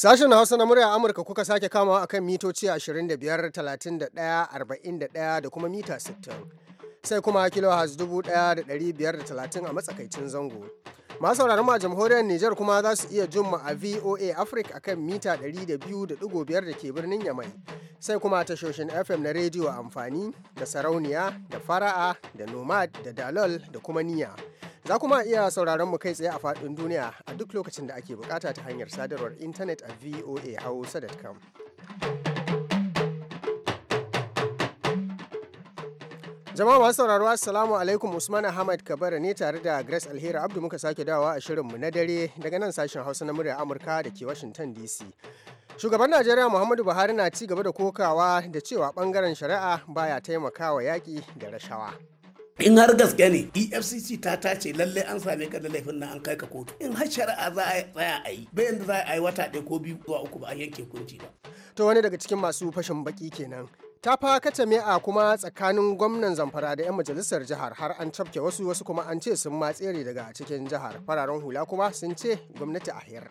Sashen Hausa na murya Amurka kuka sake kamawa akan mitoci 25, 31, 41 da kuma mita 60. sai kuma da biyar da talatin a matsakaicin zango. Masu sauraron ma jamhuriyar Nijar kuma za su iya jin mu a VOA Africa akan mita ɗari da biyu da da biyar ke birnin Yamai. Sai kuma tashoshin FM na rediyo a amfani da sarauniya da fara'a da nomad da dalol da kuma niya. Za kuma iya sauraron mu kai tsaye a faɗin duniya a duk lokacin da ake bukata ta hanyar sadarwar intanet a voa voahausa.com. Jama'a masu sauraro Assalamu alaikum Usman Ahmad Kabara ne tare da Grace Alheri Abdu muka sake dawowa a shirinmu na dare daga nan sashen Hausa na murya Amurka da ke Washington DC. Shugaban Najeriya Muhammadu Buhari na ci gaba da kokawa da cewa bangaren shari'a baya taimakawa yaƙi da rashawa. in har gaske ne efcc ta tace lallai an same ka da laifin nan an kai ka kotu in har shari'a za a tsaya a yi bayan da za a yi wata ɗaya ko biyu zuwa uku ba a yanke kunci ba to wani daga cikin masu fashin baki kenan ta fa katame a kuma tsakanin gwamnan zamfara da 'yan majalisar jihar har an cafke wasu wasu kuma an ce sun matsere daga cikin jihar fararen hula kuma sun ce gwamnati a hiyar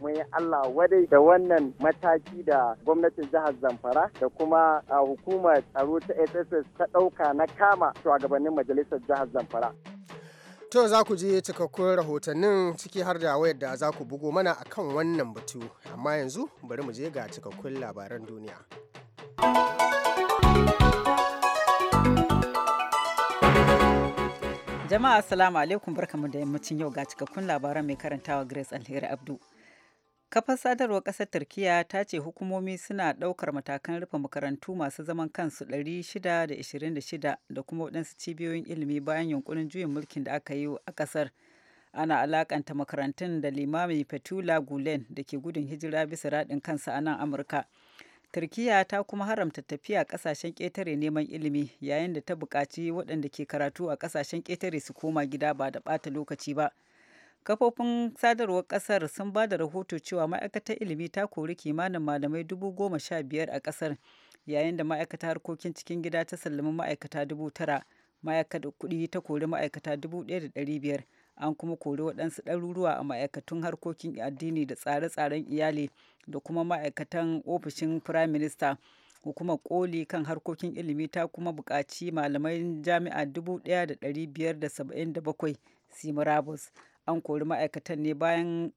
mun yi Allah wadai da wannan mataki da gwamnatin jihar Zamfara da kuma hukumar tsaro ta SSS ta ɗauka na kama shugabannin majalisar jihar Zamfara. To za ku je cikakkun rahotannin ciki har da wayar da za ku bugo mana a kan wannan batu, amma yanzu bari mu je ga cikakkun labaran duniya. Jama'a Assalamu alaikum barkamu da yammacin yau ga cikakkun labaran mai karantawa Grace Alheri Abdu. Kafar sadarwar ƙasar Turkiyya ta ce hukumomi suna ɗaukar matakan rufe makarantu masu zaman kansu 626 da kuma waɗansu cibiyoyin ilimi bayan yunkurin juyin mulkin da aka yi a ƙasar. Ana alakanta makarantun da limami fetula Gulen da ke gudun hijira bisa raɗin kansa a nan Amurka. Turkiyya ta kuma haramta tafiya ƙasashen ƙetare neman ilimi yayin da ta buƙaci waɗanda ke karatu a ƙasashen ƙetare su koma gida ba da ɓata lokaci ba. kafofin sadarwar kasar sun ba da rahoto cewa ma'aikatar ilimi ta kori kimanin malamai dubu goma sha biyar a kasar yayin da ma'aikata harkokin cikin gida ta sallami ma'aikata dubu tara ma'aikatar kuɗi ta kori ma'aikata dubu ɗaya da ɗari biyar an kuma kori waɗansu ɗaruruwa a ma'aikatun harkokin addini da tsare-tsaren iyali da kuma ma'aikatan ofishin firayim minista hukumar koli kan harkokin ilimi ta kuma buƙaci malamai jami'a dubu ɗaya da da ɗari biyar saba'in su bakwai an kori ma'aikatan ne bayan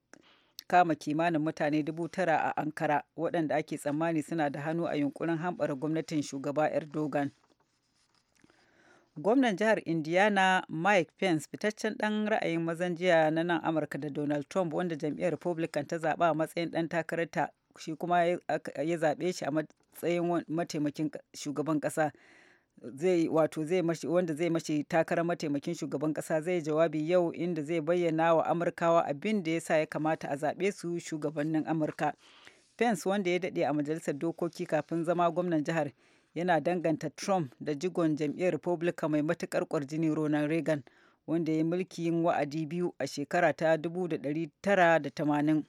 kama kimanin mutane dubu tara a ankara waɗanda ake tsammani suna da hannu a yunkurin hambara gwamnatin shugaba erdogan gwamnan jihar indiana mike pence fitaccen ɗan ra'ayin mazan jiya na nan amurka da donald trump wanda jam'iyyar republican ta zaɓa a matsayin ɗan takararta shi kuma ya zaɓe shi a matsayin mataimakin shugaban ƙasa zai wato zai mashi wanda zai mashi takarar mataimakin shugaban kasa zai jawabi yau inda zai bayyana wa amurkawa abin da ya sa ya kamata a zaɓe su shugabannin amurka pence wanda ya daɗe a majalisar dokoki kafin zama gwamnan jihar yana danganta trump da jigon jam'iyyar Republika mai matukar kwarjini ronald reagan wanda ya yi mulkin wa'adi biyu a shekara ta 1980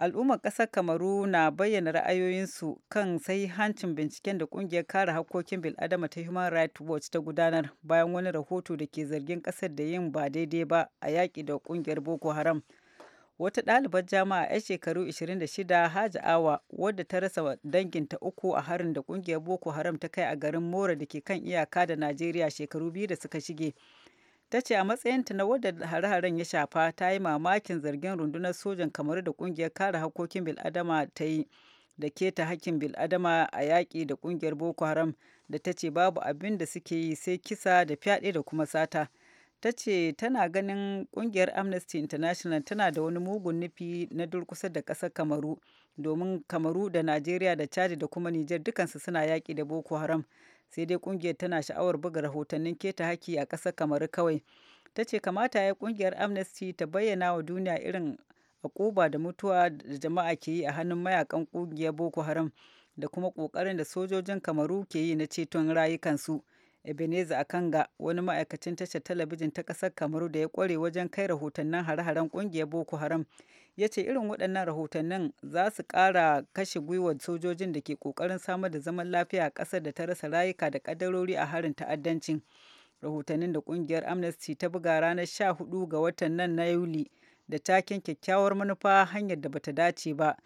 al'ummar ƙasar kamaru na bayyana ra'ayoyinsu kan sai hancin binciken da ƙungiyar kare hakkokin bil'adama ta human rights watch ta gudanar bayan wani rahoto da ke zargin ƙasar da yin ba daidai ba a yaƙi da ƙungiyar boko haram wata ɗalibar jama'a 'yar shekaru 26 haji awa wadda ta rasa danginta uku a harin da ƙungiyar boko haram ta kai a garin mora da ke kan iyaka da najeriya shekaru biyu da suka shige ta ce a matsayinta na wadda hare-haren ya shafa ta yi mamakin zargin rundunar sojan kamar da kungiyar kare hakokin bil'adama ta yi da keta hakkin bil'adama a yaƙi da kungiyar boko haram da ta ce babu abin da suke yi sai kisa da fyaɗe da kuma sata ta ce tana ganin kungiyar amnesty international tana da wani mugun nufi na durkusa da ƙasar kamaru domin kamaru da najeriya da chad da kuma nijar dukansu suna yaƙi da boko haram sai dai kungiyar tana sha'awar buga rahotannin keta haki a ƙasar kamaru kawai ta ce kamata ya kungiyar amnesty ta bayyana wa duniya irin akuba da mutuwa da jama'a ke yi a hannun mayakan kungiyar boko haram da kuma kokarin da sojojin kamaru ke yi na ceton rayukansu ebenezer akanga wani ma'aikacin tashar talabijin ta ƙasar kamaru da ya ƙware wajen kai rahotannin hare-haren kungiyar boko haram ya ce irin waɗannan rahotannin za su ƙara kashe gwiwar sojojin da ke ƙoƙarin samar da zaman lafiya a ƙasar da ta rasa rayuka da ƙaddarori a harin ta'addancin rahotannin da ƙungiyar amnesty ta buga ranar 14 ga watan nan na yuli da taken kyakkyawar manufa hanyar da bata dace ba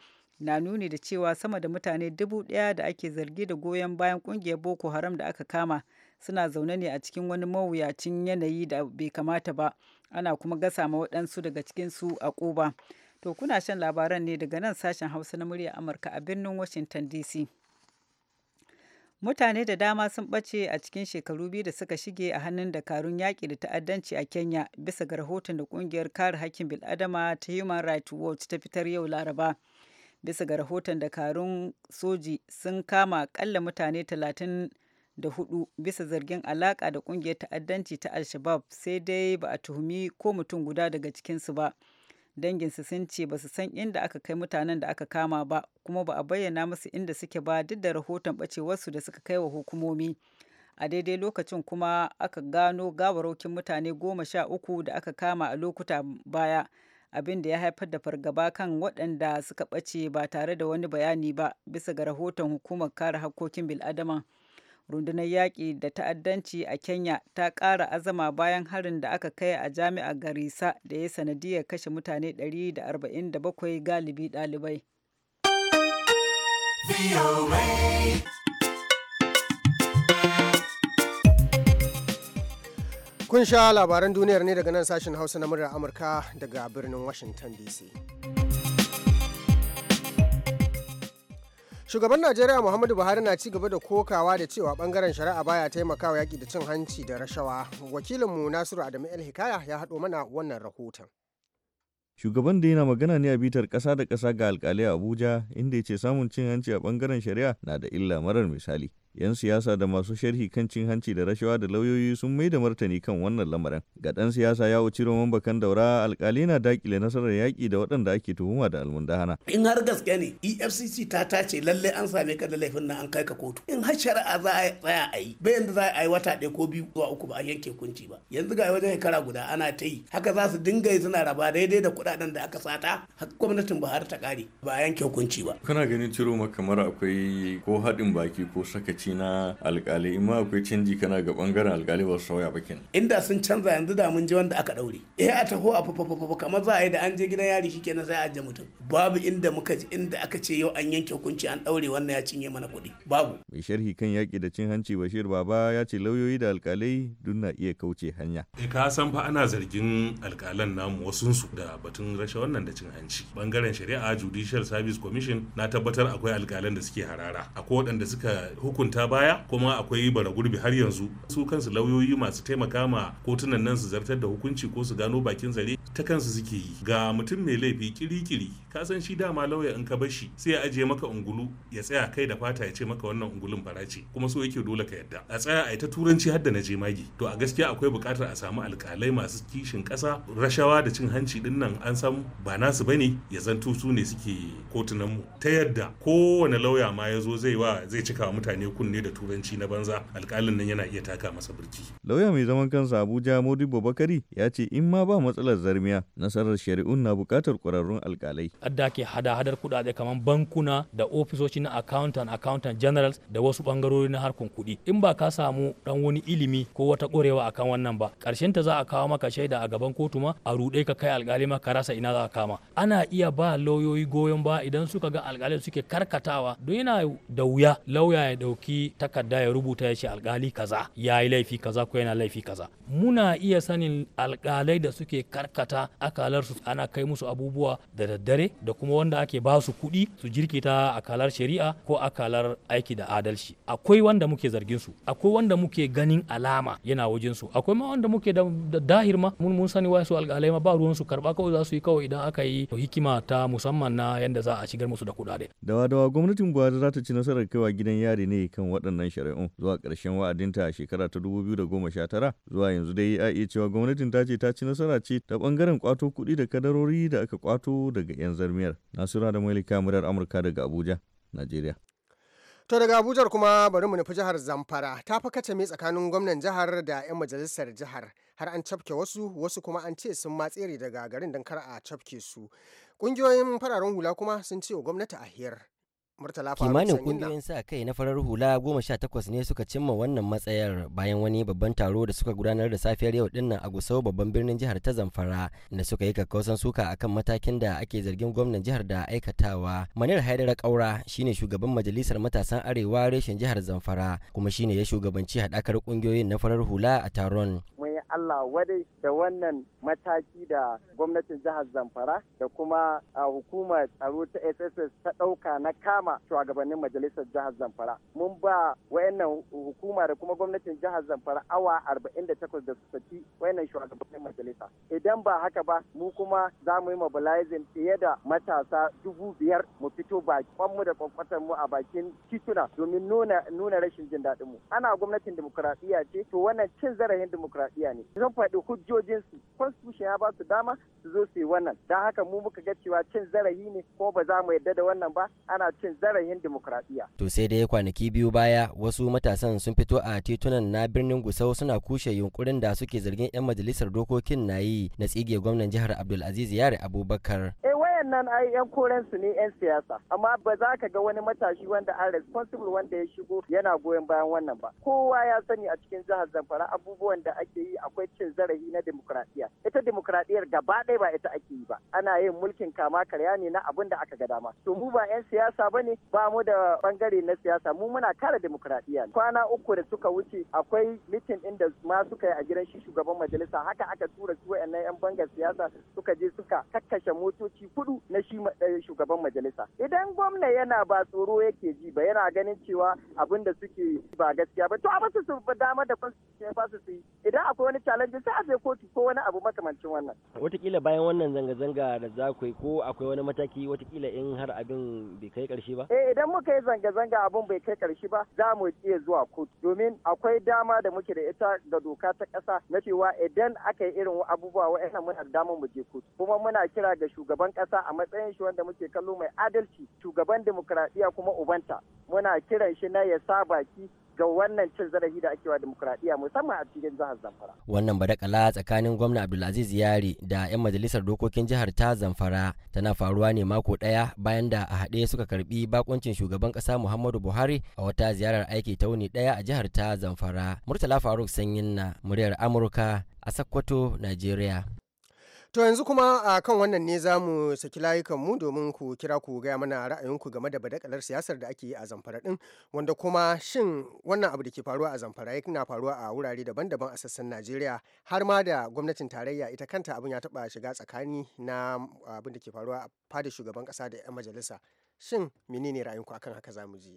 na nuni da cewa sama da mutane dubu ɗaya da ake zargi da goyon bayan ƙungiyar boko haram da aka kama suna zaune ne a cikin wani mawuyacin yanayi da bai kamata ba ana kuma gasa ma waɗansu daga cikinsu a ƙuba. To kuna shan labaran ne daga nan sashen Hausa na murya Amurka a birnin Washington DC. Mutane da dama sun ɓace a cikin shekaru biyu da suka shige a hannun dakarun yaƙi da ta'addanci a Kenya bisa ga rahoton da ƙungiyar kare haƙƙin bil'adama ta Human Rights Watch ta fitar yau Laraba. Bisa ga rahoton dakarun soji sun kama ƙalla mutane talatin da hudu bisa zargin alaƙa da ƙungiyar ta'addanci ta al sai dai ba a tuhumi ko mutum guda daga cikinsu ba. danginsu sun ce ba su san inda aka kai mutanen da aka kama ba kuma ba a bayyana musu inda suke ba duk da rahoton ɓacewarsu da suka kai wa hukumomi a daidai lokacin kuma aka gano gawarokin mutane goma sha uku da aka kama a lokuta baya abin da ya haifar da fargaba kan waɗanda suka ɓace ba tare da wani bayani ba bisa ga rahoton hukumar kare harkokin bil'adama. rundunar yaƙi da ta'addanci a kenya ta ƙara azama bayan harin da aka kai a jami'ar garisa da ya sanadiyar kashe mutane 147 galibi ɗalibai kun sha labaran duniyar ne daga nan sashen hausa na murar amurka daga birnin washington dc shugaban najeriya muhammadu buhari na ci gaba da kokawa da cewa bangaren shari'a baya taimakawa yaki da cin hanci da rashawa wakilinmu nasiru adamu el hikaya ya haɗo mana wannan rahoton Shugaban da yana magana ne a bitar ƙasa da ƙasa ga alƙalai Abuja inda ya ce samun cin hanci a ɓangaren shari'a na da illa marar misali. 'yan siyasa da masu sharhi kan cin hanci da rashawa da lauyoyi sun mai da martani kan wannan lamarin ga ɗan siyasa ya wuci roman bakan daura alkali na dakile nasarar yaƙi da waɗanda ake tuhuma da almundahana in har gaske ne efcc ta tace lalle an same ka da laifin na an kai ka kotu in har shari'a za a tsaya a yi bayan da za a yi wata ɗaya ko biyu zuwa uku ba a yanke hukunci ba yanzu ga wajen shekara guda ana ta yi haka za su dinga yi suna raba daidai da kuɗaɗen da aka sata haka gwamnatin buhari ta ƙare ba a yanke hukunci ba kana ganin ciro kamar akwai ko haɗin baki ko sakaci lokaci na alkali in ma akwai canji kana ga bangaren alkali ba su sauya ba kenan inda sun canza yanzu da mun je wanda aka daure eh a taho a fafafafa kamar za a yi da an je gidan yari shikenan sai a ajiye mutum babu inda muka ji inda aka ce yau an yanke hukunci an daure wannan ya cinye mana kuɗi babu mai sharhi kan yaƙi da cin hanci bashir baba ya ce lauyoyi da alkalai duk na iya kauce hanya eh ka san fa ana zargin alkalan namu su da batun rashin wannan da cin hanci bangaren shari'a judicial service commission na tabbatar akwai alkalan da suke harara akwai waɗanda suka hukunta hukunta baya kuma akwai bara gurbi har yanzu su kansu lauyoyi masu taimaka ma kotunan nan su zartar da hukunci ko su gano bakin zare ta kansu suke yi ga mutum mai laifi kirikiri ka san shi dama lauya in ka shi. sai ya ajiye maka ungulu ya tsaya kai da fata ya ce maka wannan ungulun fara kuma so yake dole ka yadda a tsaya a ta turanci har da na je magi to a gaskiya akwai bukatar a samu alkalai masu kishin kasa rashawa da cin hanci din nan an san ba nasu bane ya zanto su ne suke kotunan mu ta yadda kowane lauya ma ya zo zai wa zai cika mutane ku kunne da turanci na banza alkalin nan yana iya taka masa birki. Lauya mai zaman kansa Abuja Modi Bakari ya ce in ma ba matsalar zarmiya nasarar shari'un na bukatar kwararrun alkalai. Adda ke hada-hadar kuɗaɗe kamar bankuna da ofisoshin na accountant accountant generals da wasu bangarori na harkun kuɗi. In ba ka samu ɗan wani ilimi ko wata ƙorewa akan wannan ba ƙarshen ta za a kawo maka shaida a gaban kotu ma a ruɗe ka kai alkali ma ka ina za ka kama. Ana iya ba lauyoyi goyon ba idan suka ga alkalai suke karkatawa don yana da wuya lauya ya ɗauki ɗauki takarda ya rubuta ya ce alkali kaza ya yi laifi kaza ko yana laifi kaza muna iya sanin alkalai da suke karkata akalarsu ana kai musu abubuwa da daddare da kuma wanda ake ba su kuɗi su jirkita akalar shari'a ko akalar aiki da adalci akwai wanda muke zargin su akwai wanda muke ganin alama yana wajen su akwai ma wanda muke da dahir ma mun sani wasu alƙalai alkalai ma ba ruwan su karba kawai za su yi kawai idan aka yi hikima ta musamman na yanda za a shigar musu da kuɗaɗe. Dawa dawa gwamnatin Buhari za ta ci nasarar kaiwa gidan yari ne kan kan waɗannan shari'un zuwa ƙarshen wa'adinta a shekara ta da goma sha tara zuwa yanzu dai a iya cewa gwamnatin ta ce ta ci nasara ce ta ɓangaren kwato kuɗi da kadarori da aka kwato daga 'yan zarmiyar nasura da mailika murar amurka daga abuja najeriya To daga abuja kuma bari mu nufi jihar Zamfara ta fi kace mai tsakanin gwamnan jihar da 'yan majalisar jihar har an cafke wasu wasu kuma an ce sun matsere daga garin don kar a cafke su. Ƙungiyoyin fararen hula kuma sun ce wa gwamnati a hiyar. Murtala Kimanin kungiyoyin sa kai na farar hula goma sha takwas ne suka cimma wannan matsayar bayan wani babban taro da suka gudanar da safiyar yau dinnan a Gusau babban birnin jihar ta Zamfara da suka yi kakkausan suka akan matakin da ake zargin gwamnan jihar da aikatawa. Manir Haidara Kaura shine shugaban majalisar matasan Arewa reshen jihar Zamfara kuma shine ya shugabanci haɗakar kungiyoyin na farar hula a taron. Allah wadai da wannan mataki da gwamnatin jihar zamfara da kuma a hukumar tsaro ta sss ta ɗauka na kama shugabannin majalisar jihar zamfara mun ba wayannan hukuma da kuma gwamnatin jihar zamfara awa 48 da su saki wayannan shugabannin majalisa idan ba haka ba mu kuma za mu yi mobilizing fiye da matasa dubu biyar mu fito mu da kwankwatar mu a bakin tituna domin nuna nuna rashin jin daɗin mu ana gwamnatin demokuraɗiyya ce to wannan cin zarafin demokuraɗiyya ne zan faɗi hujjojinsu kun tushen ya ba su dama su zo su yi wannan don haka mu muka ga cewa cin zarafi ne ko ba za mu yadda da wannan ba ana cin zarafin demokradiyya. to sai dai kwanaki biyu baya wasu matasan sun fito a titunan na birnin gusau suna kushe yunkurin da suke zargin 'yan majalisar dokokin na yi na tsige gwamnan jihar abdulaziz yare abubakar. Eh, sannan ai yan koren su ne yan siyasa amma ba za ka ga wani matashi wanda an responsible wanda ya shigo yana goyon bayan wannan ba kowa ya sani a cikin jihar Zamfara abubuwan da ake yi akwai cin zarafi na demokradiyya ita demokradiyyar gaba ɗaya ba ita ake yi ba ana yin mulkin kama karya ne na abin da aka ga dama to mu ba yan siyasa bane ba mu da bangare na siyasa mu muna kare demokradiyya kwana uku da suka wuce akwai mitin din da ma suka yi a gidan shi shugaban majalisa haka aka tura su wayannan yan bangar siyasa suka je suka kakkashe motoci kudu hudu na shi eh, shugaban majalisa idan gwamna yana ba tsoro yake ji ba yana ganin cewa abin da suke ba gaskiya ba to a basu su dama da constitution ba su su yi wani challenge sai a je kotu ko wani abu makamancin wannan watakila bayan wannan zanga-zanga da za ku yi ko akwai wani mataki watakila in har abin bai kai karshe ba eh idan muka yi zanga-zanga abin bai kai karshe ba za mu iya zuwa kotu domin akwai dama da muke da ita ga doka ta ƙasa na cewa idan aka yi irin abubuwa wa'annan muna da damar mu je kotu kuma muna kira ga shugaban ƙasa a matsayin shi wanda muke kallo mai adalci shugaban dimokuraɗiyya kuma ubanta muna kiran shi na ya sa baki ga wannan cin zarafi da ake wa demokuraɗiyya musamman a cikin jihar Zamfara. Wannan badakala tsakanin gwamna Abdulaziz Yari da 'yan majalisar dokokin jihar ta Zamfara tana faruwa ne mako ɗaya bayan da a haɗe suka karbi bakuncin shugaban ƙasa Muhammadu Buhari a wata ziyarar aiki ta wuni ɗaya a jihar ta Zamfara. Murtala Faruk Sanyin na muryar Amurka a Sokoto, Najeriya. To yanzu kuma a kan wannan ne za mu saki layukanmu domin ku kira ku gaya mana ra'ayinku game da badakalar siyasar da ake yi a zamfara ɗin wanda kuma shin wannan abu da ke faruwa a zamfara yana faruwa a wurare daban-daban a sassan Najeriya har ma da gwamnatin tarayya ita kanta abin ya taɓa shiga tsakani na abin da ke faruwa a fada shugaban ƙasa da 'yan majalisa. Shin menene ra'ayinku akan haka za mu ji?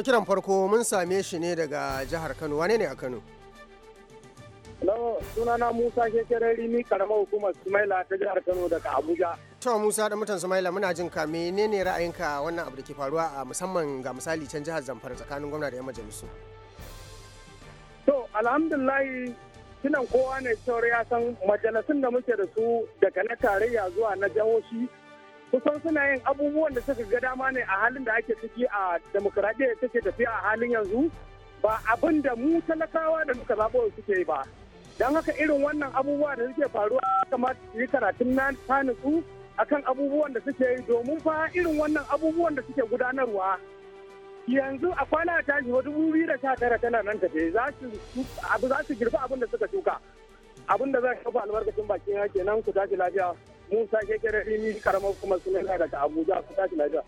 To kiran farko mun same shi ne daga jihar Kano. Wane ne a Kano? Hello, sunana Musa Shekarari ni karamar hukumar Sumaila ta jihar Kano daga Abuja. To Musa da mutan Sumaila muna jin ka menene ra'ayinka wannan abu da ke faruwa a musamman ga misali can jihar Zamfara tsakanin gwamna da 'yan majalisu? To alhamdulillahi kinan kowa ne cewar ya san majalisun da muke da su daga na tarayya zuwa na jihohi kusan suna yin abubuwan da suka ga dama ne a halin da ake ciki a demokuraɗiyya take tafiya a halin yanzu ba abin da mu talakawa da muka zaɓo suke yi ba don haka irin wannan abubuwa da suke faruwa kamata su yi karatun na nutsu akan abubuwan da suke yi domin fa irin wannan abubuwan da suke gudanarwa yanzu a kwana ta shi wa dubu biyu da sha tara tana nan tafe za su abu za su girbi abin da suka shuka abin da zai kafa albarkacin bakin ya nan ku tashi lafiya Musa Kekere Rimi karamar kuma yana daga Abuja su tashi Najeriya.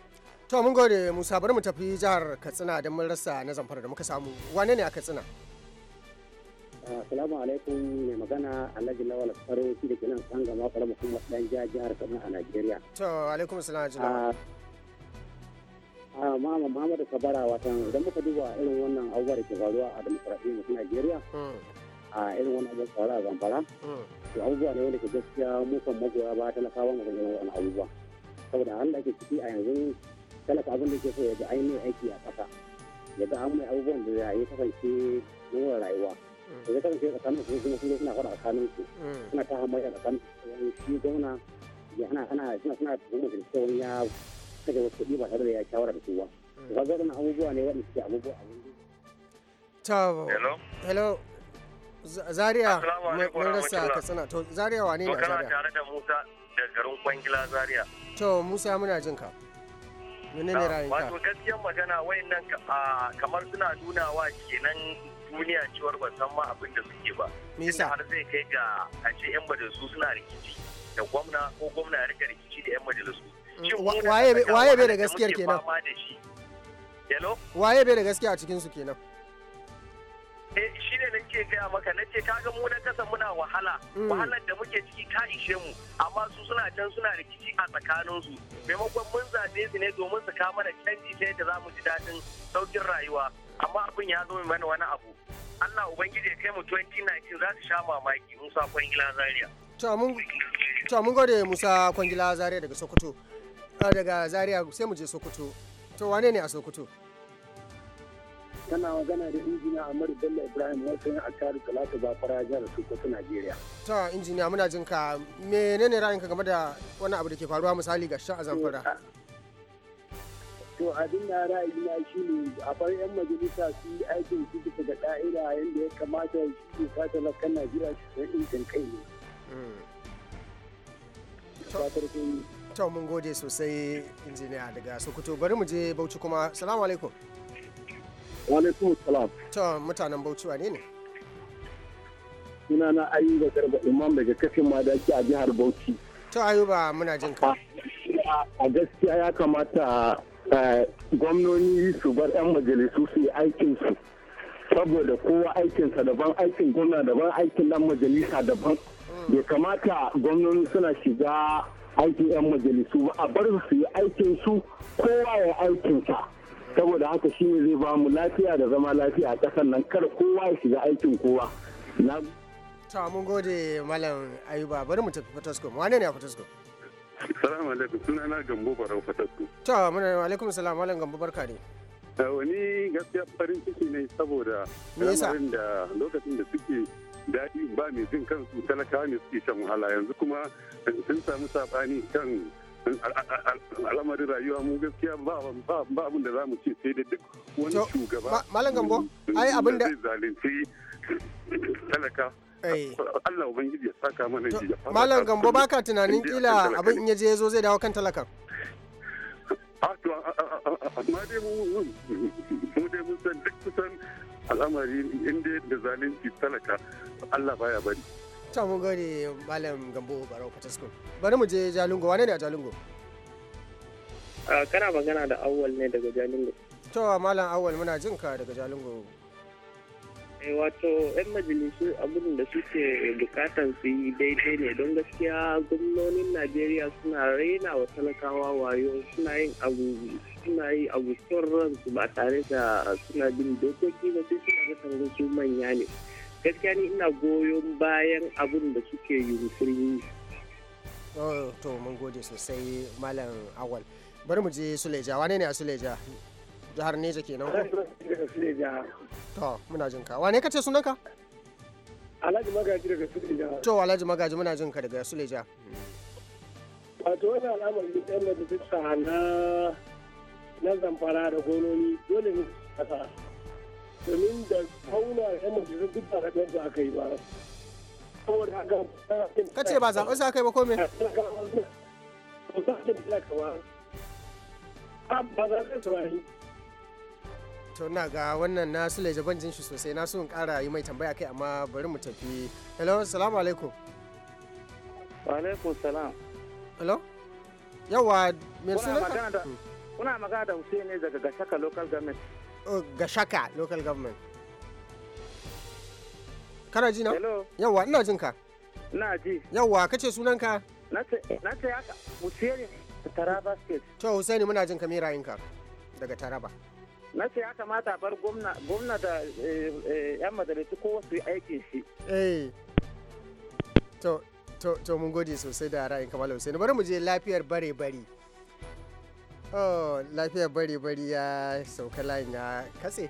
To mun gode Musa bari mu tafi jihar Katsina don mun rasa na zamfara da muka samu. Wane ne a Katsina? Ah, assalamu alaikum mai magana Alhaji Lawal Farin shi da ke nan fara mu kuma Dan Jihar Jihar Katsina a Najeriya. To alaikum assalam Alhaji Lawal. Ah, ah, Mama Muhammadu Kabara watan idan muka duba irin wannan abubuwa da ke faruwa a demokradiyyar Najeriya. Hmm. a irin wani abin faru a zamfara to abubuwa ne wanda ke gaskiya mukan magoya ba ta talakawa mu ganin wani abubuwa saboda an da ake ciki a yanzu talaka abin da ke so ya ga ainihin aiki a ƙasa ya ga an mai abubuwan da ya yi kasance nuna rayuwa da mm. ya kasance a tsakanin su kuma su suna faɗa tsakanin su mm. suna ta hamayya tsakanin shi gauna ya ana ana suna suna tuhumar da cewa ya kaje wasu kuɗi ba tare da ya shawara da su ba. Mm. Ga abubuwa ne waɗanda suke abubuwa a wani. Hello. Hello. Zaria mun rasa Katsina to Zaria wane ne a Zaria? tare da Musa da garin Kwangila Zaria. To Musa muna jin ka. Mene ne ra'ayinka? Wato gaskiyar magana wayannan kamar suna nunawa kenan duniya cewar ba san ma abin da suke ba. Nisa. Har zai kai ga a ce 'yan majalisu suna rikici da gwamna ko gwamna ya rika rikici da 'yan majalisu. Mm, waye bai da gaskiyar kenan? Waye bai da gaskiya a cikinsu kenan? Eh, shi ne nake gaya maka nace kaga mu na kasa muna wahala mm. wahalar da muke ciki ka ishe mu amma su suna can suna rikici a tsakanin su maimakon mun zaɓe su ne domin su kawo mana canji ta yadda za mu ji daɗin saukin rayuwa amma abin ya zo mana wani abu Allah ubangiji ya kai mu 2019 za su sha mamaki Musa Kwangila Zaria to mun gode Musa Kwangila Zaria daga Sokoto ah, daga Zaria sai mu je Sokoto to wane ne a Sokoto tana magana da injiniya Amadu Bello Ibrahim Wasan, a tare Talata Zafara jihar Sokoto Najeriya. Ta injiniya muna jin ka menene ra'ayinka game da wani abu da ke faruwa misali ga shan azamfara? To abin da ra'ayi na shi ne a bar 'yan majalisa su yi aikin su bisa ga ka'ida yadda ya kamata su ta Najeriya su san injin kai ne. Hmm. To mun gode sosai injiniya daga Sokoto bari mu je Bauchi kuma salamu alaikum. Walaikum salam. To mutanen Bauchi wane ne? Sunana Ayuba Garba Imam daga kafin madaki a jihar Bauchi. To Ayuba muna jin ka. A gaskiya ya kamata eh, gwamnoni su bar 'yan majalisu su yi aikinsu. Saboda kowa aikinsa daban aikin gwamna daban aikin dan majalisa daban. ya hmm. kamata gwamnoni suna shiga aikin 'yan majalisu ba a bar su yi aikinsu kowa ya aikinsa. saboda haka shi ne zai ba mu lafiya da zama lafiya a ƙasar nan kar kowa ya shiga aikin kowa na ta mun gode malam ayuba bari mu tafi fatasko wane ne a fatasko salamu alaikum suna na gambo barau fatasko ta muna alaikum salam malam gambo barka ne eh, wani gaskiya farin ciki ne saboda lamarin da lokacin da suke daɗi ba mai jin kansu talakawa ne suke shan wahala yanzu kuma sun samu saɓani kan al'amarin rayuwa mu gaskiya ba ba abin da za mu ce sai da duk wani shugaba malam gambo ai abin da zalunci talaka eh. Allah ubangiji ya saka mana jiya malam gambo baka tunanin kila abin in yaje yazo zai dawo kan talakan amma dai mu dai mun san duk kusan al'amari inda da zalunci talaka Allah baya bari ta mun gani malam gambo barau fataskun bari mu je jalingo wane ne a jalingo ah, kana magana da awal ne daga jalingo to malam awal muna jin ka daga jalingo eh, wato 'yan majalisu abin da suke bukatar su yi daidai ne don gaskiya gwamnonin najeriya suna raina wa talakawa wayo suna yin abu suna yi abu son ransu ba tare da suna bin dokoki ba sai suna ga su manya ne gaskiya ni ina goyon bayan abun da suke yunkurin oh, to mun gode sosai malam awal bari mu je suleja wane ne a suleja jihar neja kenan ko to muna jin ka wane kace ka alhaji magaji daga suleja to alhaji magaji muna jin ka daga suleja wato wani al'amari ɗan da na na zamfara da gononi dole ne kasa domin da kauna yan majalisar duk ba zaɓen da aka yi ba saboda haka ka ce ba zaɓen su aka yi ba ko me to na ga wannan na su jaban jin shi sosai na so in kara yi mai tambaya kai amma bari mu tafi hello salamu alaikum wa alaikum salam hello yawa mai suna kuna magana da Hussein ne daga Gashaka local government oh, Gashaka local government kana ji na yawa ina jin ka ina ji yawa kace sunan ka na ce haka Hussein Taraba state to Hussein muna jin ka rayin ka daga Taraba na ce ya kamata bar gwamna da eh, eh, 'yan majalisu ko su yi aikin shi eh. to mun gode sosai da ra'ayin kamar Hussein bari mu je lafiyar bare-bare oh lafiya bari bari ya sauka layin ya katse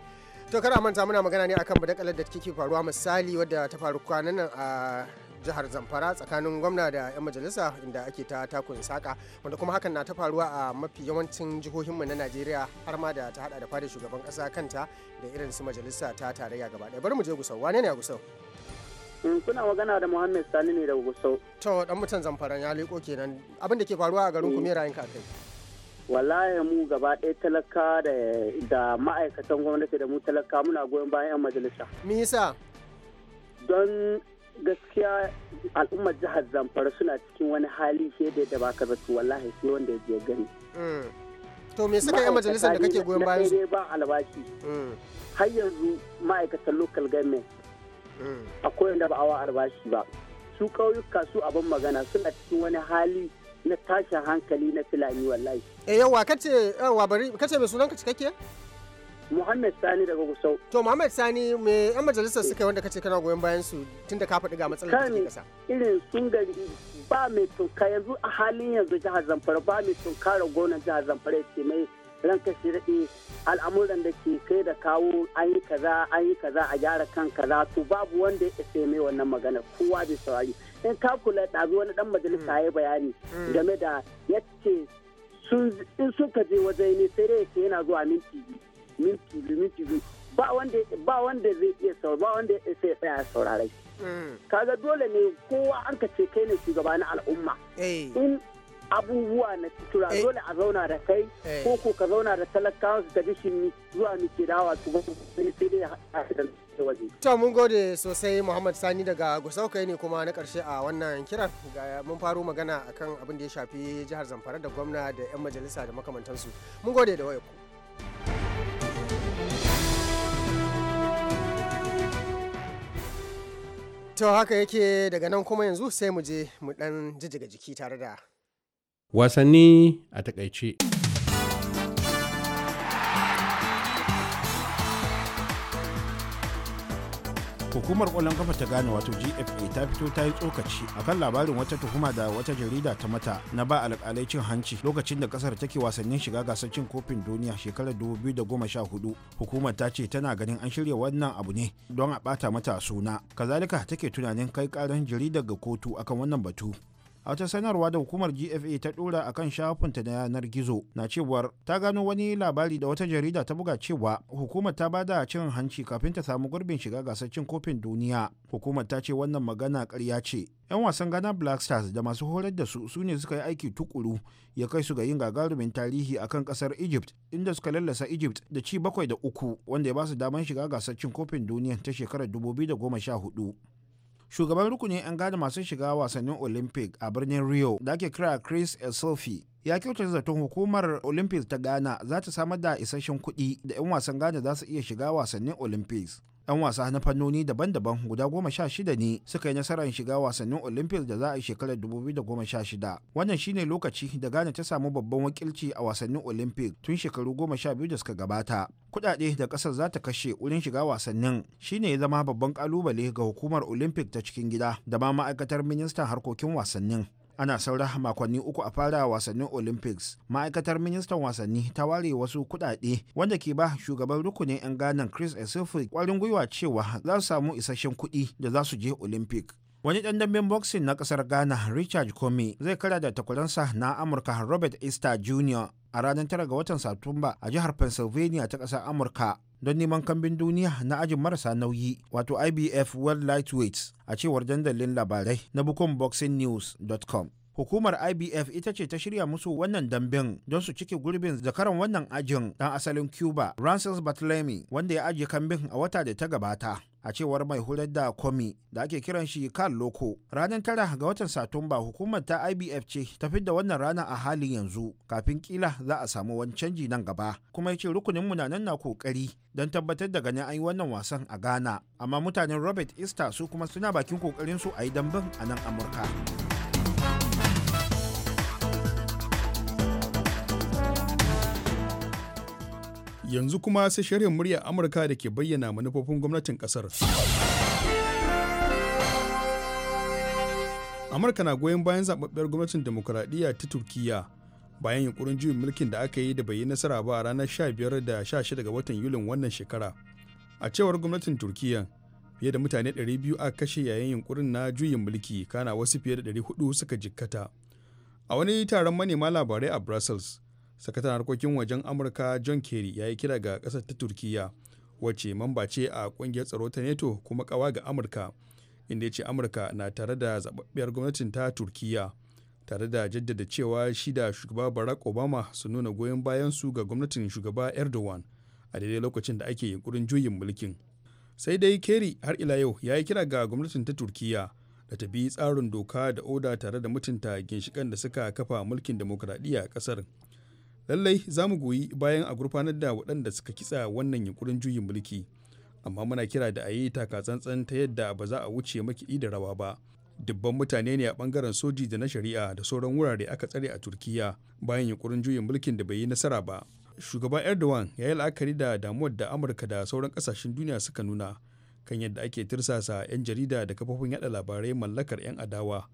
to kana manta muna magana ne akan badakalar da kike faruwa misali wadda ta faru kwanan nan a jihar zamfara tsakanin gwamna da 'yan majalisa inda ake ta takun saka wanda kuma hakan na ta faruwa a mafi yawancin jihohinmu na najeriya har ma da ta hada da fadar shugaban kasa kanta da irin su majalisa ta tarayya gaba ɗaya bari mu je gusau wane ne a gusau eh, kuna magana da Muhammad sani ne daga gusau to dan mutan zamfara ya leko kenan abin da ke faruwa a garin ku me ra'ayinka kai wallahi mu gaba ɗaya talaka da ma'aikatan gwamnati da mu talaka muna goyon bayan 'yan majalisa. Me yasa? Don gaskiya al'ummar jihar Zamfara suna cikin wani hali shi da ba baka zato wallahi sai wanda ya gani. Mm. To me suka 'yan majalisa da kake goyon bayan su? ba albashi. Mm. Har yanzu ma'aikatan local government mm. akwai wanda ba awa albashi ba. Su ƙauyuka su abin magana suna cikin wani hali na tashin hankali na fulani wallahi eh yawa kace yawa bari kace mai sunanka cikakke Muhammad Sani daga Gusau. To Muhammad Sani me yan majalisar suka wanda kace kana goyon bayan su tunda ka faɗi ga matsalar da take kasa. Irin sun gari ba mai tunka yanzu a halin yanzu jihar Zamfara ba mai tunkara gonar jihar Zamfara ya ce mai ranka shi daɗe al'amuran da ke kai da kawo an yi kaza an yi kaza a gyara kan kaza to babu wanda ya isa mai wannan magana kowa bai saurari in ka kula ɗazu wani dan majalisa ya bayani mm. Mm. game da yace in suka je waje ne sai dai yana zuwa minti minti minti ba wanda ba wanda zai iya saurari ba wanda ya isa tsaya saurari mm. kaga dole ne kowa an ka ce kai ne shugaba na al'umma eh. in abubuwa na sutura eh. dole a zauna da kai eh. ko ko ka zauna da talakawa su gaji shi zuwa mu ke dawa su sai dai a waje. To mun gode sosai Muhammad Sani daga Gusau kai ne kuma na karshe a wannan kiran mun faro magana akan abin da ya shafi jihar Zamfara da gwamna da 'yan majalisa da makamantansu. Mun gode da wayarku. To haka yake daga nan kuma yanzu sai mu je mu dan jijjiga jiki tare da wasanni a takaice. hukumar kwallon kafa ta gane wato gfa ta fito ta yi tsokaci akan labarin wata tuhuma da wata jarida ta mata na ba alƙalai cin hanci lokacin da kasar take wasannin shiga gasar cin kofin duniya shekarar 2014 hukumar ta ce tana ganin an shirya wannan abu ne don a bata mata suna kazalika take tunanin kai karan jaridar ga kotu akan wannan batu a wata sanarwa da hukumar gfa ta dora a kan shafinta na yanar gizo na cewar ta gano wani labari da wata jarida ta buga cewa hukumar ta bada cin hanci kafin ta samu gurbin shiga gasar cin kofin duniya hukumar ta ce wannan magana karya ce yan wasan ghana black stars da masu horar da su su ne suka yi aiki tukuru ya kai su ga yin gagarumin tarihi a kan kasar egypt inda suka lallasa egypt da ci bakwai da uku wanda ya ba su damar shiga gasar cin kofin duniya ta shekarar 2014 shugaban rukunin 'yan gada masu shiga wasannin olympic a birnin rio da ake kira chris esofi ya kyautata zaton hukumar olympics ta ghana za ta samar da isasshen kuɗi da 'yan wasan ghana za su iya shiga wasannin olympics 'yan wasa na fannoni daban-daban guda goma sha shida ne suka yi nasarar shiga wasannin olympics da za a yi shekarar shida wannan shine lokaci da ghana ta samu babban wakilci a wasannin olympics tun shekaru goma sha biyu da suka gabata kudade da kasar za ta kashe wurin shiga wasannin shine ya zama babban kalubale ga hukumar olympics ta cikin gida da ma ma'aikatar ministan harkokin wasannin ana saura makonni uku a fara wasannin olympics ma'aikatar ministan wasanni ta ware wasu kuɗaɗe wanda ke ba shugaban rukunin 'yan ganan chris esufu kwarin gwiwa cewa za su samu isasshen kuɗi da za su je olympic wani ɗan damben boxing na ƙasar ghana richard comey zai kara da takwaransa na amurka robert easter jr a ranar 9 ga watan satumba a jihar pennsylvania ta ƙasar amurka don neman kambin duniya na ajin marasa nauyi wato ibf world lightweight a cewar dandalin labarai na bukun boxingnews.com hukumar ibf ita ce ta shirya musu wannan damben don su cike gurbin zakaran wannan ajin dan asalin cuba francis bartlemy wanda ya ajiye kambin a wata da ta gabata a cewar mai hular da kwami da ake kiran shi kan loko ranar tara ga watan satumba hukumar ta ibf ce ta da wannan rana a halin yanzu kafin kila za a samu wani canji nan gaba kuma ya ce rukunin mu nan na kokari don tabbatar da gani an yi wannan wasan a ghana amma mutanen robert easter su kuma suna bakin kokarin su a yi damben a nan amurka. yanzu kuma sai shirin muryar amurka da ke bayyana manufofin gwamnatin kasar amurka na goyon bayan zababbiyar gwamnatin demokuraɗiyya ta turkiyya bayan yunkurin juyin mulkin da aka yi da bai yi nasara ba a ranar 15 da 16 ga watan yulin wannan shekara a cewar gwamnatin turkiyya fiye da mutane 200 a kashe yayin yunkurin na juyin mulki kana wasu fiye da 400 suka jikkata a wani taron manema labarai a brussels sakataren harkokin wajen amurka john kerry ya yi kira ga kasar ta turkiyya wacce mamba ce a kungiyar tsaro ta neto kuma kawa ga amurka inda ya ce amurka na tare da zababbiyar gwamnatin ta turkiyya tare da jaddada cewa shi da shugaba barack obama su nuna goyon bayan su ga gwamnatin shugaba erdogan a daidai lokacin da ake yunkurin juyin mulkin sai dai kerry har ila yau ya yi kira ga gwamnatin ta turkiya da ta bi tsarin doka da oda tare da mutunta ginshikan da suka kafa mulkin demokradiyya a kasar lallai za mu goyi bayan a gurfanar da waɗanda suka kitsa wannan yunkurin juyin mulki amma muna kira da a yi takatsantsan ta yadda ba za a wuce maki da rawa ba dubban mutane ne a ɓangaren soji da na shari'a da sauran wurare aka tsare a turkiya bayan yunkurin juyin mulkin da bai yi nasara ba shugaba erdogan ya yi la'akari da damuwar da amurka da sauran kasashen duniya suka nuna kan yadda ake tirsasa 'yan jarida da kafofin yada labarai mallakar 'yan adawa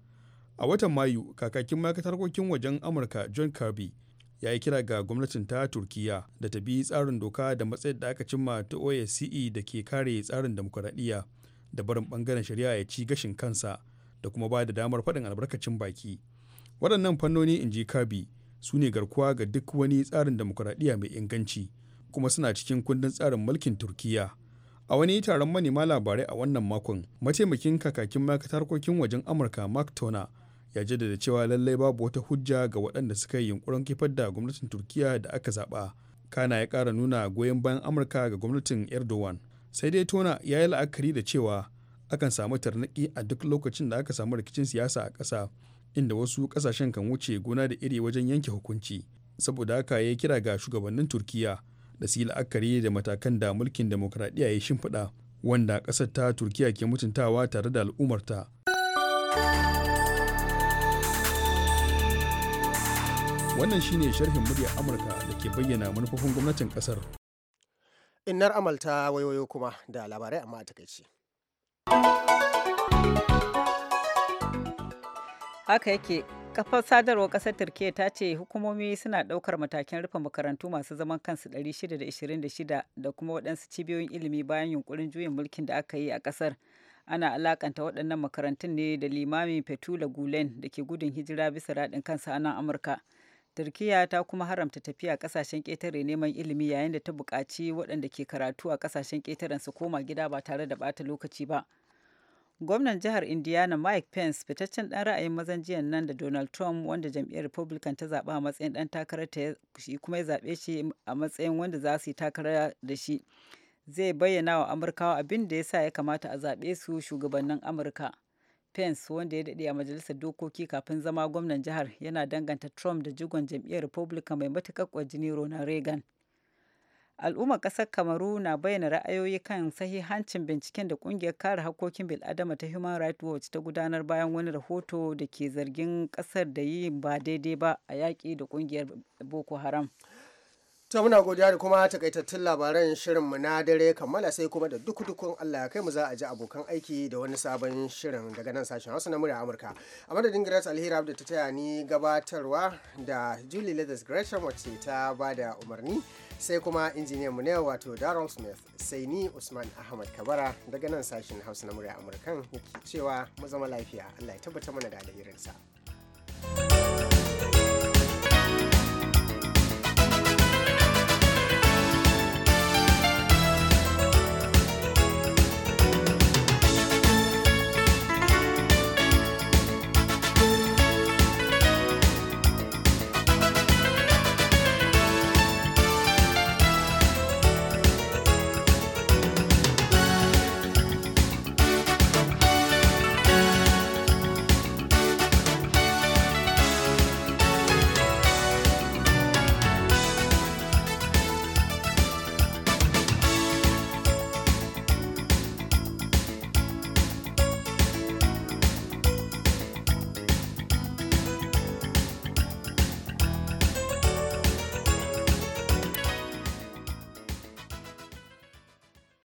a watan mayu kakakin ma'aikatar harkokin wajen amurka john kirby ya yi kira ga gwamnatin ta turkiya da ta bi tsarin doka da matsayin da aka cimma ta osce da ke kare tsarin demokuraɗiyya da barin ɓangaren shari'a ya ci gashin kansa da kuma ba da damar faɗin albarkacin baki waɗannan fannoni in ji kabi su ne garkuwa ga duk wani tsarin demokuraɗiyya mai inganci kuma suna cikin kundin tsarin mulkin turkiya a wani taron manema labarai a wannan makon mataimakin kakakin ma'aikatar harkokin wajen amurka mark tona ya jaddada cewa lallai babu wata hujja ga waɗanda suka yi yunkurin kifar da gwamnatin turkiya da aka zaɓa kana ya kara nuna goyon bayan amurka ga gwamnatin erdogan sai dai tona ya yi la'akari da cewa akan samu tarnaki a duk lokacin da aka samu rikicin siyasa a ƙasa inda wasu ƙasashen kan wuce gona da iri wajen yanke hukunci saboda haka ya kira ga shugabannin turkiya da su yi la'akari da matakan da mulkin demokradiyya ya shimfiɗa wanda ƙasar ta turkiya ke mutuntawa tare da al'ummarta. Wannan shine sharhin murya Amurka da ke bayyana manufofin gwamnatin kasar. Innar amalta wayoyo kuma da labarai amma a takaice. Haka yake kafar sadarwar kasar turkiyya ta ce hukumomi suna daukar matakin rufe makarantu masu zaman kansu 626 da kuma waɗansu cibiyoyin ilimi bayan yunkurin juyin mulkin da aka yi a kasar ana alakanta waɗannan makarantun ne da limamin fetula gulen da ke gudun hijira bisa raɗin kansa a nan amurka turkiya ta kuma haramta tafiya kasashen ƙetare neman ilimi yayin da ta buƙaci waɗanda ke karatu a kasashen ƙetaren su koma gida ba tare da bata lokaci ba gwamnan jihar indiana mike pence fitaccen ɗan ra'ayin mazan jiyan nan da donald trump wanda jam'iyyar republican ta zaɓa a matsayin ɗan takarar ta shi kuma ya zaɓe shi a matsayin wanda za su yi takarar da shi zai bayyana wa amurkawa abin da ya sa ya kamata a zaɓe su shugabannin amurka Pence wanda ya daɗe a majalisar dokoki kafin zama gwamnan jihar yana danganta Trump da jigon jam'iyyar Republican mai matuƙar kwajini Ronald Reagan. Al'ummar ƙasar Kamaru na bayyana ra'ayoyi kan sahihancin binciken da ƙungiyar kare hakkokin bil'adama ta Human Rights Watch ta gudanar bayan wani rahoto da ke zargin ƙasar da yi ba daidai ba a yaƙi da ƙungiyar Boko Haram. ta muna godiya da kuma takaitattun labaran shirinmu na dare kammala sai kuma da duk-dukun Allah ya kai mu za a ji abokan aiki da wani sabon shirin daga nan sashen Hausa na murya Amurka. A madadin Grace Alheri da ta taya ni gabatarwa da Julie Leathers Gresham wacce ta ba da umarni sai kuma injiniyan mu ne wato Daryl Smith sai ni Usman Ahmad Kabara daga nan sashen Hausa na murya Amurkan cewa mu zama lafiya Allah ya tabbata mana da alherinsa.